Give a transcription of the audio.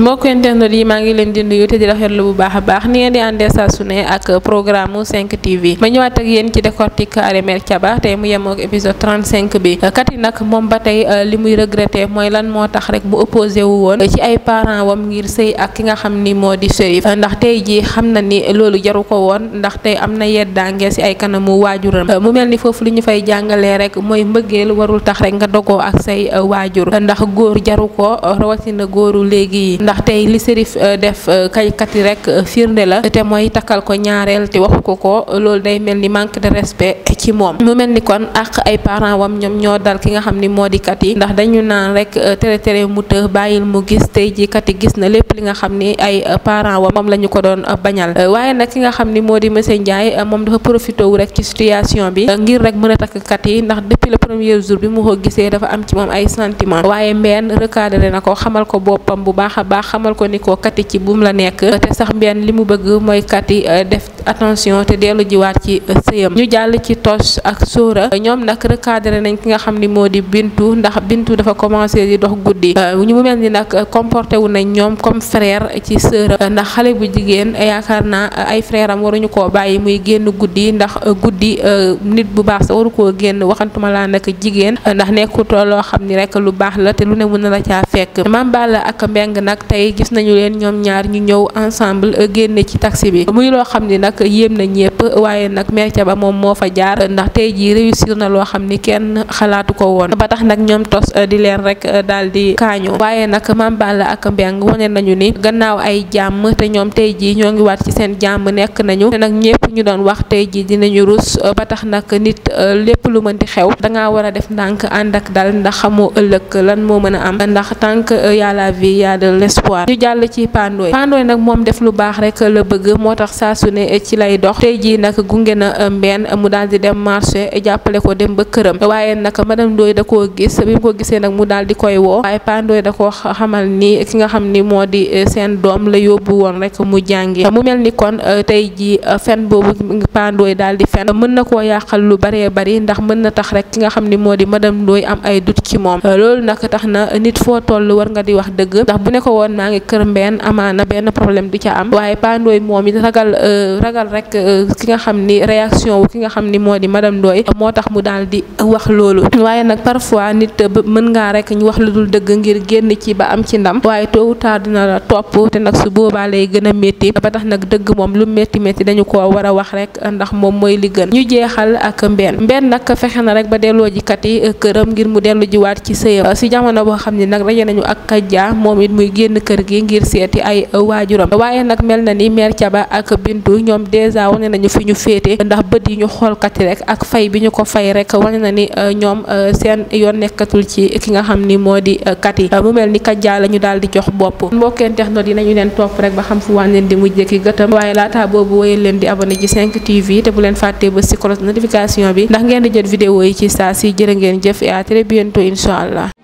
mbokk internet yi ma ngi leen di nuyu te di rafetlu bu baax a baax ni ngeen di àndee saa su ne ak programme 5 TV ma ñëwaat ak yéen ci décortique Arrêt Mère Thiaba tey mu yemoo épisode 35 bi kat yi nag moom ba tey euh, li muy regretté mooy lan moo tax rek mu opposé wu woon ci ay parents wam ngir sëy ak ki nga xam ni moo di ndax tey ji xam na ni loolu jaru ko woon ndax tey am na yeddaange si ay kanamu waajuram mu mel ni foofu li ñu fay jàngalee rek mooy mbëggeel warul tax rek nga dogoo ak say euh, waajur ndax góor jaru ko rawatina góoru léegi yi ndax tey li Serif euh, def euh, kaykat yi rek euh, firnde la te mooy takkal ko ñaareel te waxu ko ko loolu day mel ni manque de respect ci moom mu mel ni kon ak ay parents wam ñoo dal ki nga xam ni moo di kat yi ndax dañu naan rek tere tere mu tëx bàyyil mu gis tey ji kat yi gis na lépp li nga xam ni ay euh, parents wam moom la ñu ko doon euh, bañal euh, waaye nag ki nga xam ni moo di monsieur Ndiaye moom dafa profité wu rek ci situation bi ngir rek mën a takk kat yi ndax depuis la premier jour bi mu ko gisee dafa am ci moom ay sentiment waaye mbenn recadré na ko xamal ko boppam bu baax a baax xamal ko ni ko kat yi ci buum la nekk te sax mbenn li mu bëgg mooy kat yi def Toch ak Sora ki nga xam ni moo di Bintu ndax Bintu dafa commencé di dox guddi euh, ñu mu mel ni nag comporté wu nañ ñoom comme frère ci sœur xale bu jigéen yaakaar naa euh, ay frère waruñu koo bàyyi muy génn guddi ndax euh, guddi nit bu baax sa waru koo génn waxantuma laa nag jigéen ndax nekkut loo xam ni rek lu baax la te lu ne mën na la caa fekk Mame Balla ak Mbeng nag tey gis nañu ñoom ñaar ñu ñëw ensemble génne ci taxi waaye nag mère Thiaba moom moo fa jaar ndax tay ji réussir na lo xamni kenn xalaatu ko won ba tax nak ñom tos eh, di leen rek eh, daldi kañu waye nak mam balla ak mbeng woné nañu ni gannaaw ay jamm te ñom tay ji ñoo ngi waat ci seen jamm nekk nañu te nag ñépp ñu doon wax tay ji dinañu rus eh, ba tax nak nit lepp lu di xew da nga wara def ndank andak dal ndax xamu ëlëk lan mo mëna am ndax tank ya la vie ya de l'espoir ñu jall ci pandoy pandoy nak mom def lu baax rek le bëgg motax sa saa su ci lay dox tay ji nak gunge na mbenn mu daldi dem marché jàppale ko dem ba këram waaye nag madame Ndoye da koo gis bi mu ko gisee nag mu daal di koy woo waaye Pa Ndoye xamal ni ki nga xam ni moo di eh, seen doom la yóbbu woon rek mu jàngi mu mel ni kon eh, tey ji eh, fen boobu Pa Ndoye daal di fen mën na koo yàqal lu baree bari ndax mën na tax rek ki nga xam ni moo di madame Ndoye am ay dut ci moom loolu nag tax na nit foo toll war nga di wax dëgg ndax bu ne ko woon maa ngi kër mbeen amaana benn problème du ca am waaye Pa moom ragal ragal rek ki nga xam ni réaction wu ki nga xam ni moo di madame moo tax mu daal di wax loolu waaye nag parfois nit mën ngaa rekk ñu wax lu dul dëgg ngir génn ci ba am ci ndam waaye tôt ou dina la topp te nag su boobaa lay gën a métti ba tax nag dëgg moom lu métti métti dañu ko war a wax rek ndax moom mooy li gën ñu jeexal ak mbenn mbenn nag fexe na rek ba delloo ji kat yi euh, këram ngir mu dellu jiwaat ci sëyam si jamono boo xam ne nag raje nañu ak kajja moom it muy génn kër gi ngir seeti ay euh, waajuram waaye nag mel na ni mère Thiaba ak Bintu ñoom dèjà wane nañu fi ñu féete ndax bët yi ñu xool kat rek ak fay bi ñu ko fay rek wane na ni euh, ñoom euh, seen yoon nekkatul ci ki nga xam ni moo di kat euh, yi mu mel ni kat jaa la ñu daal di jox bopp mbokkeen technot yi nañu leen topp rek ba xam fu waan leen di mujjee ki gëtëm waaye laata boobu wéyal leen di abonné ci 5 TV te bu leen fàttee ba si cloche notification bi ndax ngeen di jot vidéo yi ci saa si jërë ngeen jëf et à très bientôt incha allah